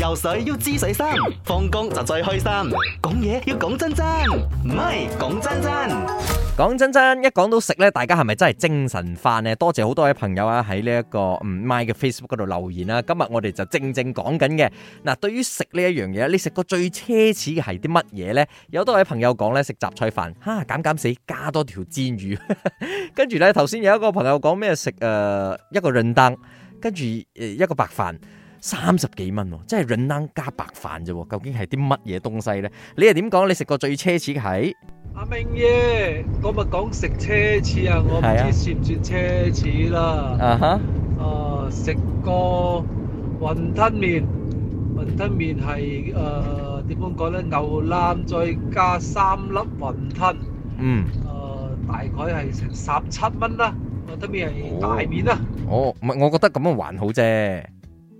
游水要知水深，放工就最開心。講嘢要講真真，唔係講真真。講真真，一講到食呢，大家係咪真係精神飯呢？多謝好多位朋友啊、這個，喺呢一個唔 my 嘅 Facebook 度留言啊。今日我哋就正正講緊嘅嗱，對於食呢一樣嘢，你食過最奢侈嘅係啲乜嘢呢？有多位朋友講呢：「食雜菜飯，哈、啊，減減死，加多條煎魚。 跟住呢，頭先有一個朋友講咩食誒、呃、一個潤蛋，跟住誒、呃、一個白飯。三十幾蚊喎，即係潤冷加白飯啫喎，究竟係啲乜嘢東西咧？你又點講？你食過最奢侈嘅係？阿明爺，我唔講食奢侈啊，我唔知算唔算奢侈啦。啊哈，啊食過雲吞麵，雲吞麵係誒點樣講咧？牛腩再加三粒雲吞，嗯，啊、uh, 大概係成十七蚊啦，雲吞麵係大麵啦。哦，唔係，我覺得咁樣還好啫。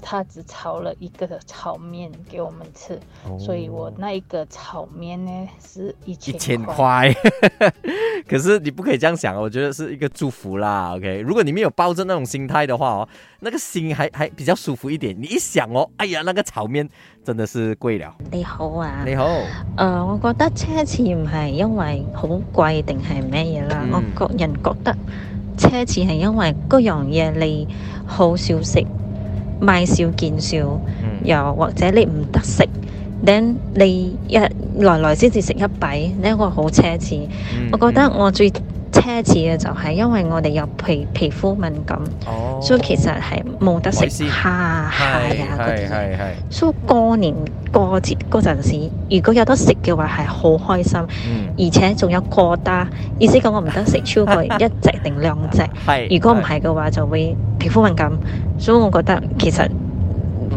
他只炒了一個炒麵給我們吃，oh. 所以我那一個炒麵呢是一千塊。一千塊 可是你不可以這樣想，我覺得是一個祝福啦。OK，如果你們有抱着那種心態的話哦，那個心還還比較舒服一點。你一想哦，哎呀，那個炒麵真的是貴了。你好啊，你好。呃，我覺得奢侈唔係因為好貴定係咩嘢啦，嗯、我個人覺得奢侈係因為嗰樣嘢，你好少食。買少見少，又、mm hmm. 或者你唔得食等你一來來先至食一比，呢個好奢侈。Mm hmm. 我覺得我最奢侈嘅就係因為我哋有皮皮膚敏感，oh, 所以其實係冇得食蝦、蟹啊嗰啲。係係係，所以過年過節嗰陣時，如果有得食嘅話，係好開心。嗯。而且仲有過量，意思講我唔得食超過一隻定兩隻。係。 如果唔係嘅話，就會皮膚敏感。所以我覺得其實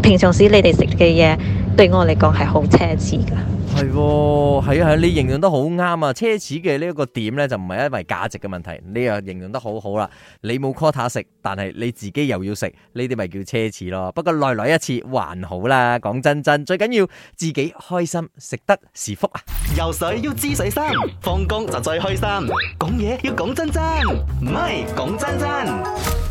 平常時你哋食嘅嘢對我嚟講係好奢侈㗎。係喎，係、哦、啊，你形容得好啱啊！奢侈嘅呢一個點呢就唔係因為價值嘅問題，你又形容得好好啦。你冇 quota 食，但係你自己又要食，呢啲咪叫奢侈咯。不過來來一次還好啦，講真真，最緊要自己開心，食得是福啊！游水要知水心，放工就最開心，講嘢要講真真，唔係講真真。